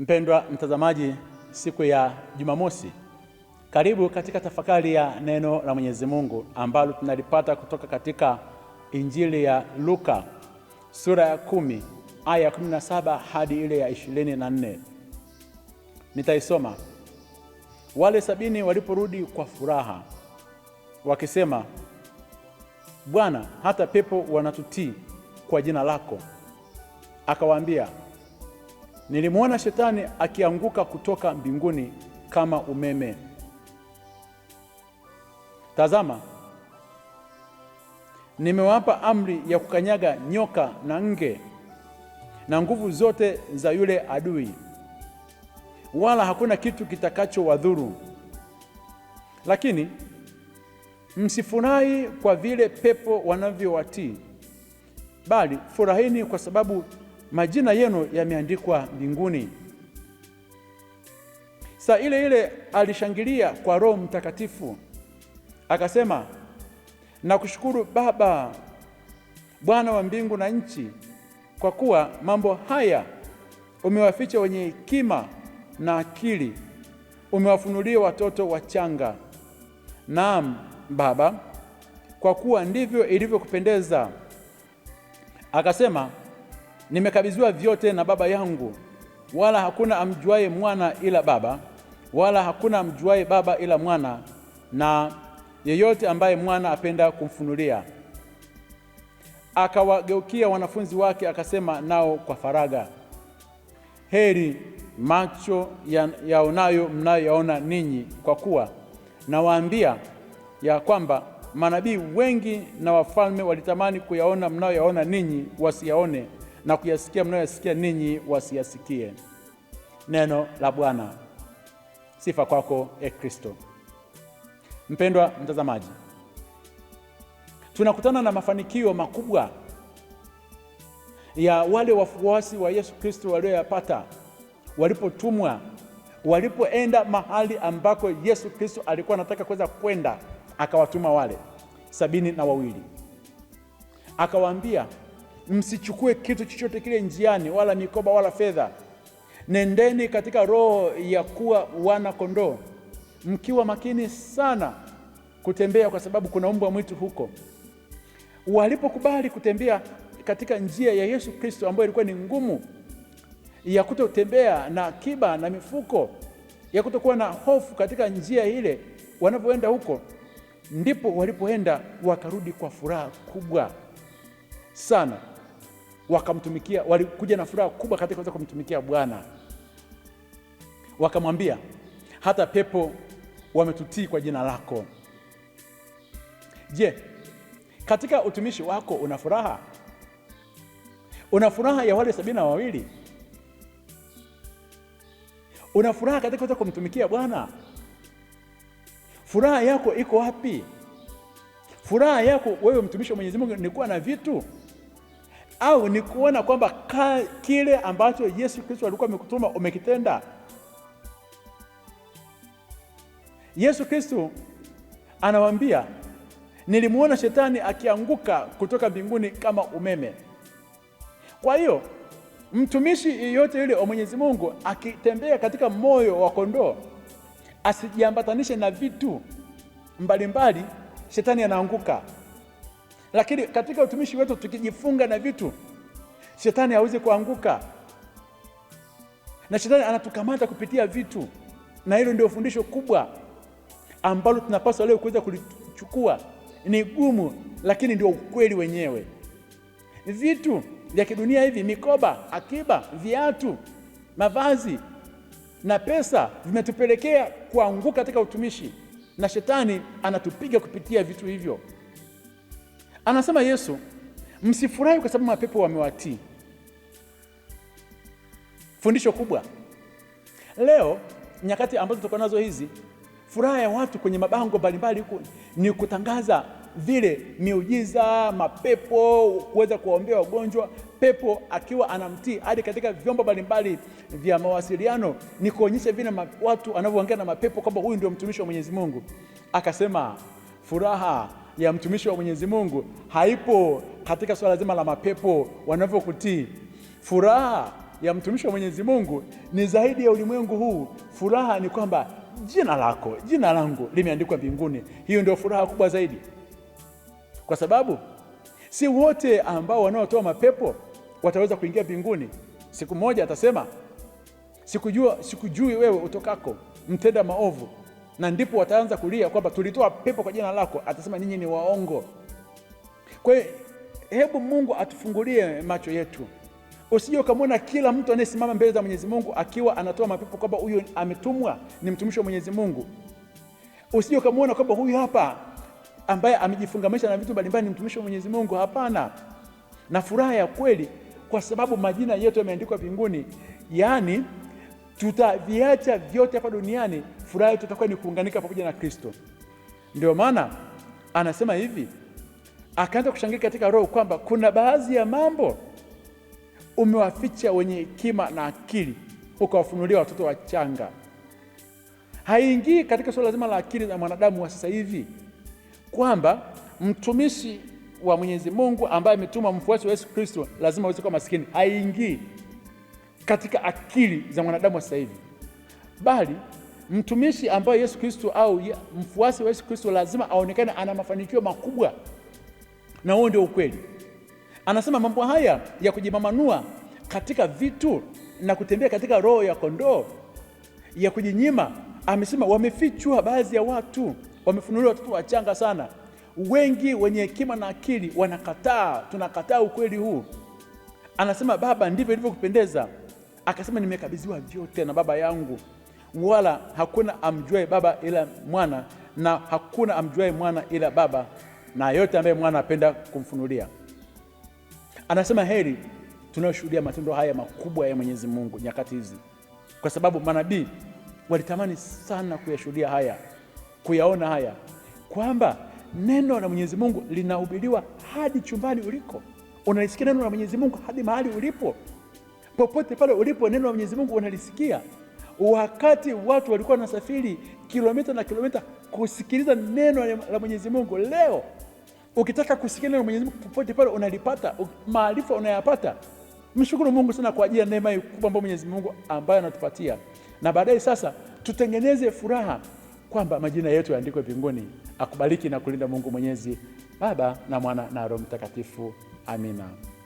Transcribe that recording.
Mpendwa mtazamaji, siku ya Jumamosi, karibu katika tafakari ya neno la Mwenyezi Mungu ambalo tunalipata kutoka katika Injili ya Luka sura ya kumi aya ya kumi na saba hadi ile ya ishirini na nne. Nitaisoma. Wale sabini waliporudi kwa furaha wakisema, Bwana, hata pepo wanatutii kwa jina lako. Akawaambia, Nilimwona shetani akianguka kutoka mbinguni kama umeme. Tazama, nimewapa amri ya kukanyaga nyoka na nge na nguvu zote za yule adui, wala hakuna kitu kitakachowadhuru. Lakini msifurahi kwa vile pepo wanavyowatii, bali furahini kwa sababu majina yenu yameandikwa mbinguni. Saa ile ile alishangilia kwa Roho Mtakatifu akasema, nakushukuru Baba, Bwana wa mbingu na nchi, kwa kuwa mambo haya umewaficha wenye hekima na akili, umewafunulia watoto wachanga. Naam Baba, kwa kuwa ndivyo ilivyokupendeza. Akasema, Nimekabidhiwa vyote na Baba yangu, wala hakuna amjuaye mwana ila Baba, wala hakuna amjuaye Baba ila mwana, na yeyote ambaye mwana apenda kumfunulia. Akawageukia wanafunzi wake akasema nao kwa faraga heri macho yaonayo ya mnayoyaona ninyi, kwa kuwa nawaambia ya kwamba manabii wengi na wafalme walitamani kuyaona mnayoyaona ninyi, wasiyaone na kuyasikia mnayoyasikia ninyi wasiyasikie. Neno la Bwana. Sifa kwako e Kristo. Mpendwa mtazamaji, tunakutana na mafanikio makubwa ya wale wafuasi wa Yesu Kristo walioyapata walipotumwa, walipoenda mahali ambako Yesu Kristo alikuwa anataka kuweza kwenda, akawatuma wale sabini na wawili, akawaambia msichukue kitu chochote kile njiani, wala mikoba wala fedha. Nendeni katika roho ya kuwa wana kondoo, mkiwa makini sana kutembea, kwa sababu kuna mbwa mwitu huko. Walipokubali kutembea katika njia ya Yesu Kristo ambayo ilikuwa ni ngumu, ya kutotembea na akiba na mifuko, ya kutokuwa na hofu katika njia ile, wanapoenda huko ndipo walipoenda wakarudi kwa furaha kubwa sana wakamtumikia, walikuja na furaha kubwa katika kuweza kumtumikia Bwana. Wakamwambia, hata pepo wametutii kwa jina lako. Je, katika utumishi wako una furaha? Una furaha ya wale sabini na wawili? Una furaha katika kuweza kumtumikia Bwana? Furaha yako iko wapi? Furaha yako wewe mtumishi wa Mwenyezi Mungu ni kuwa na vitu au ni kuona kwamba kile ambacho Yesu Kristo alikuwa amekutuma umekitenda. Yesu Kristo anawaambia, nilimwona shetani akianguka kutoka mbinguni kama umeme. Kwa hiyo mtumishi yeyote yule wa Mwenyezi Mungu akitembea katika moyo wa kondoo, asijiambatanishe na vitu mbalimbali, shetani anaanguka. Lakini katika utumishi wetu tukijifunga na vitu, shetani hawezi kuanguka, na shetani anatukamata kupitia vitu, na hilo ndio fundisho kubwa ambalo tunapaswa leo kuweza kulichukua. Ni gumu, lakini ndio ukweli wenyewe. Vitu vya kidunia hivi, mikoba, akiba, viatu, mavazi na pesa, vimetupelekea kuanguka katika utumishi, na shetani anatupiga kupitia vitu hivyo. Anasema Yesu, msifurahi kwa sababu mapepo wamewatii. Fundisho kubwa leo, nyakati ambazo tuko nazo hizi, furaha ya watu kwenye mabango mbalimbali huku ni kutangaza vile miujiza, mapepo kuweza kuwaombea wagonjwa, pepo akiwa anamtii hadi katika vyombo mbalimbali vya mawasiliano, ni kuonyesha vile watu anavyoongea na mapepo kwamba huyu ndio mtumishi wa Mwenyezi Mungu. Akasema furaha ya mtumishi wa Mwenyezi Mungu haipo katika suala zima la mapepo wanavyokutii. Furaha ya mtumishi wa Mwenyezi Mungu ni zaidi ya ulimwengu huu. Furaha ni kwamba jina lako, jina langu limeandikwa mbinguni. Hiyo ndio furaha kubwa zaidi, kwa sababu si wote ambao wanaotoa mapepo wataweza kuingia mbinguni. Siku moja atasema sikujua, sikujui wewe utokako, mtenda maovu na ndipo wataanza kulia kwamba tulitoa pepo kwa jina lako, atasema ninyi ni waongo. Kwa hiyo hebu Mungu atufungulie macho yetu, usije ukamwona kila mtu anayesimama mbele za Mwenyezi Mungu akiwa anatoa mapepo kwamba huyu ametumwa, ni mtumishi wa Mwenyezi Mungu. Usije ukamwona kwamba huyu hapa ambaye amejifungamisha na vitu mbalimbali ni mtumishi wa Mwenyezi Mungu. Hapana, na furaha ya kweli, kwa sababu majina yetu yameandikwa mbinguni, yaani tutaviacha vyote hapa duniani, furaha yetu itakuwa ni kuunganika pamoja na Kristo. Ndio maana anasema hivi, akaanza kushangilia katika roho kwamba kuna baadhi ya mambo umewaficha wenye hekima na akili, ukawafunulia watoto wachanga. Haingii katika suala zima la akili za mwanadamu wa sasa hivi kwamba mtumishi wa Mwenyezi Mungu ambaye ametumwa, mfuasi wa Yesu Kristo lazima aweze kuwa masikini. Haingii katika akili za mwanadamu wa sasa hivi, bali mtumishi ambaye Yesu Kristo au mfuasi wa Yesu Kristo lazima aonekane ana mafanikio makubwa, na huo ndio ukweli. Anasema mambo haya ya kujimamanua katika vitu na kutembea katika roho ya kondoo ya kujinyima, amesema wamefichwa baadhi ya watu, wamefunuliwa watoto wachanga sana. Wengi wenye hekima na akili wanakataa, tunakataa ukweli huu. Anasema Baba, ndivyo ilivyokupendeza Akasema, nimekabidhiwa vyote na Baba yangu, wala hakuna amjuae Baba ila Mwana, na hakuna amjuae Mwana ila Baba, na yote ambaye Mwana apenda kumfunulia. Anasema heri tunayoshuhudia matendo haya makubwa ya Mwenyezi Mungu nyakati hizi, kwa sababu manabii walitamani sana kuyashuhudia haya, kuyaona haya, kwamba neno la Mwenyezi Mungu linahubiriwa hadi chumbani uliko, unalisikia neno la Mwenyezi Mungu hadi mahali ulipo popote pale ulipo, neno la Mwenyezi Mungu unalisikia. Wakati watu walikuwa wanasafiri kilomita na kilomita kusikiliza neno la Mwenyezi Mungu, leo ukitaka kusikia neno la Mwenyezi Mungu popote pale unalipata, maarifa unayapata. Mshukuru Mungu sana kwa ajili ya neema kubwa ambayo Mwenyezi Mungu ambayo anatupatia, na baadaye sasa tutengeneze furaha kwamba majina yetu yaandikwe mbinguni. Akubariki na kulinda Mungu Mwenyezi, Baba na Mwana na Roho Mtakatifu. Amina.